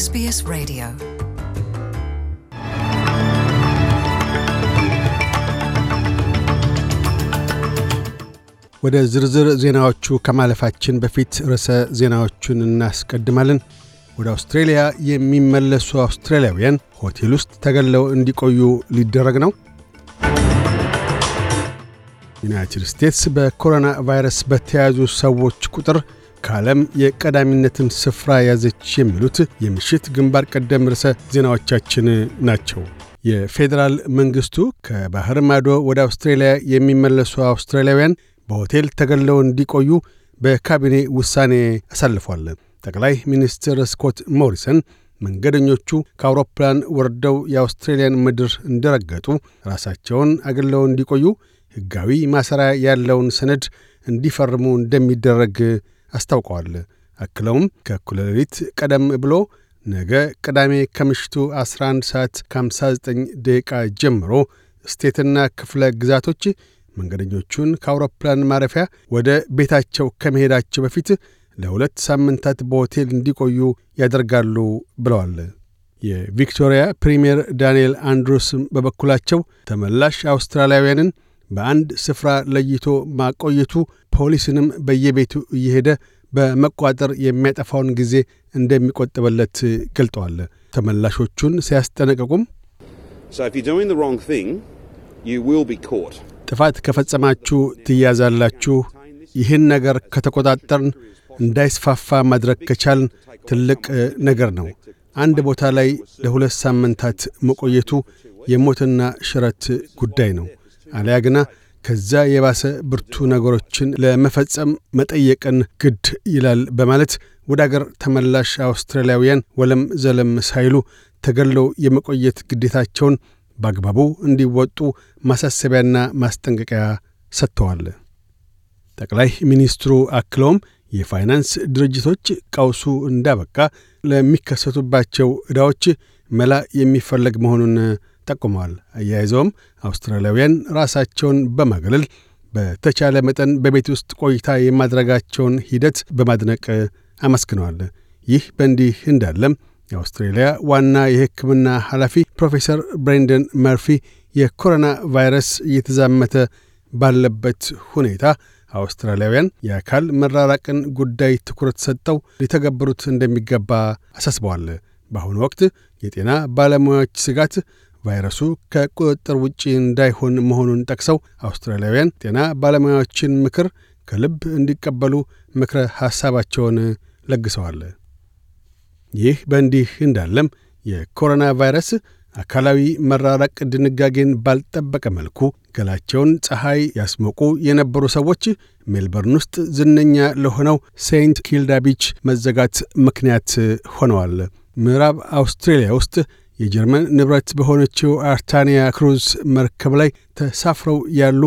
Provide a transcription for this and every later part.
ኤስቢኤስ ሬዲዮ ወደ ዝርዝር ዜናዎቹ ከማለፋችን በፊት ርዕሰ ዜናዎቹን እናስቀድማለን። ወደ አውስትሬልያ የሚመለሱ አውስትራሊያውያን ሆቴል ውስጥ ተገለው እንዲቆዩ ሊደረግ ነው። ዩናይትድ ስቴትስ በኮሮና ቫይረስ በተያዙ ሰዎች ቁጥር ከዓለም የቀዳሚነትን ስፍራ ያዘች የሚሉት የምሽት ግንባር ቀደም ርዕሰ ዜናዎቻችን ናቸው። የፌዴራል መንግሥቱ ከባሕር ማዶ ወደ አውስትራሊያ የሚመለሱ አውስትራሊያውያን በሆቴል ተገለው እንዲቆዩ በካቢኔ ውሳኔ አሳልፏል። ጠቅላይ ሚኒስትር ስኮት ሞሪሰን መንገደኞቹ ከአውሮፕላን ወርደው የአውስትሬልያን ምድር እንደረገጡ ራሳቸውን አግለው እንዲቆዩ ሕጋዊ ማሰሪያ ያለውን ሰነድ እንዲፈርሙ እንደሚደረግ አስታውቀዋል። አክለውም ከእኩለ ሌሊት ቀደም ብሎ ነገ ቅዳሜ ከምሽቱ 11 ሰዓት ከ59 ደቂቃ ጀምሮ ስቴትና ክፍለ ግዛቶች መንገደኞቹን ከአውሮፕላን ማረፊያ ወደ ቤታቸው ከመሄዳቸው በፊት ለሁለት ሳምንታት በሆቴል እንዲቆዩ ያደርጋሉ ብለዋል። የቪክቶሪያ ፕሪምየር ዳንኤል አንድሮስ በበኩላቸው ተመላሽ አውስትራሊያውያንን በአንድ ስፍራ ለይቶ ማቆየቱ ፖሊስንም በየቤቱ እየሄደ በመቋጠር የሚያጠፋውን ጊዜ እንደሚቆጥብለት ገልጠዋል። ተመላሾቹን ሲያስጠነቅቁም ጥፋት ከፈጸማችሁ ትያዛላችሁ፣ ይህን ነገር ከተቆጣጠርን እንዳይስፋፋ ማድረግ ከቻልን ትልቅ ነገር ነው። አንድ ቦታ ላይ ለሁለት ሳምንታት መቆየቱ የሞትና ሽረት ጉዳይ ነው። አሊያ ግና ከዛ የባሰ ብርቱ ነገሮችን ለመፈጸም መጠየቅን ግድ ይላል በማለት ወደ አገር ተመላሽ አውስትራሊያውያን ወለም ዘለም ሳይሉ ተገለው የመቆየት ግዴታቸውን በአግባቡ እንዲወጡ ማሳሰቢያና ማስጠንቀቂያ ሰጥተዋል። ጠቅላይ ሚኒስትሩ አክለውም የፋይናንስ ድርጅቶች ቀውሱ እንዳበቃ ለሚከሰቱባቸው ዕዳዎች መላ የሚፈለግ መሆኑን ጠቁመዋል። አያይዘውም አውስትራሊያውያን ራሳቸውን በማግለል በተቻለ መጠን በቤት ውስጥ ቆይታ የማድረጋቸውን ሂደት በማድነቅ አመስግነዋል። ይህ በእንዲህ እንዳለም የአውስትሬሊያ ዋና የሕክምና ኃላፊ ፕሮፌሰር ብሬንደን መርፊ የኮሮና ቫይረስ እየተዛመተ ባለበት ሁኔታ አውስትራሊያውያን የአካል መራራቅን ጉዳይ ትኩረት ሰጠው ሊተገብሩት እንደሚገባ አሳስበዋል። በአሁኑ ወቅት የጤና ባለሙያዎች ስጋት ቫይረሱ ከቁጥጥር ውጪ እንዳይሆን መሆኑን ጠቅሰው አውስትራሊያውያን ጤና ባለሙያዎችን ምክር ከልብ እንዲቀበሉ ምክረ ሐሳባቸውን ለግሰዋል። ይህ በእንዲህ እንዳለም የኮሮና ቫይረስ አካላዊ መራራቅ ድንጋጌን ባልጠበቀ መልኩ ገላቸውን ፀሐይ ያስሞቁ የነበሩ ሰዎች ሜልበርን ውስጥ ዝነኛ ለሆነው ሴንት ኪልዳ ቢች መዘጋት ምክንያት ሆነዋል። ምዕራብ አውስትሬልያ ውስጥ የጀርመን ንብረት በሆነችው አርታንያ ክሩዝ መርከብ ላይ ተሳፍረው ያሉ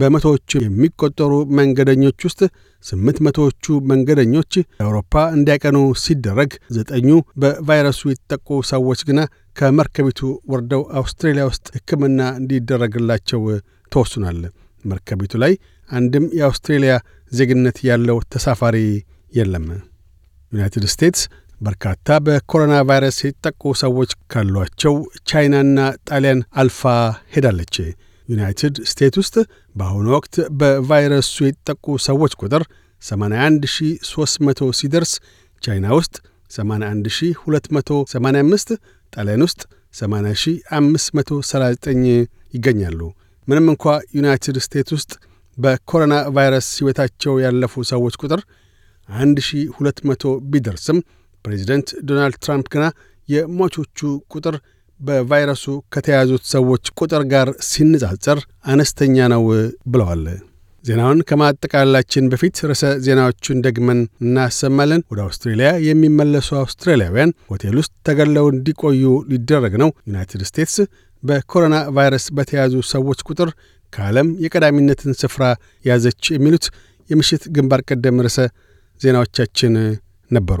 በመቶዎች የሚቆጠሩ መንገደኞች ውስጥ ስምንት መቶዎቹ መንገደኞች አውሮፓ እንዲያቀኑ ሲደረግ ዘጠኙ በቫይረሱ የተጠቁ ሰዎች ግና ከመርከቢቱ ወርደው አውስትሬሊያ ውስጥ ሕክምና እንዲደረግላቸው ተወስኗል። መርከቢቱ ላይ አንድም የአውስትሬሊያ ዜግነት ያለው ተሳፋሪ የለም። ዩናይትድ ስቴትስ በርካታ በኮሮና ቫይረስ የተጠቁ ሰዎች ካሏቸው ቻይናና ጣሊያን አልፋ ሄዳለች። ዩናይትድ ስቴትስ ውስጥ በአሁኑ ወቅት በቫይረሱ የተጠቁ ሰዎች ቁጥር 81300 ሲደርስ ቻይና ውስጥ 81285፣ ጣሊያን ውስጥ 80539 ይገኛሉ። ምንም እንኳ ዩናይትድ ስቴትስ ውስጥ በኮሮና ቫይረስ ሕይወታቸው ያለፉ ሰዎች ቁጥር 1200 ቢደርስም ፕሬዚደንት ዶናልድ ትራምፕ ግና የሟቾቹ ቁጥር በቫይረሱ ከተያዙት ሰዎች ቁጥር ጋር ሲነጻጸር አነስተኛ ነው ብለዋል። ዜናውን ከማጠቃላላችን በፊት ርዕሰ ዜናዎቹን ደግመን እናሰማለን። ወደ አውስትሬልያ የሚመለሱ አውስትራሊያውያን ሆቴል ውስጥ ተገለው እንዲቆዩ ሊደረግ ነው። ዩናይትድ ስቴትስ በኮሮና ቫይረስ በተያዙ ሰዎች ቁጥር ከዓለም የቀዳሚነትን ስፍራ ያዘች። የሚሉት የምሽት ግንባር ቀደም ርዕሰ ዜናዎቻችን ነበሩ።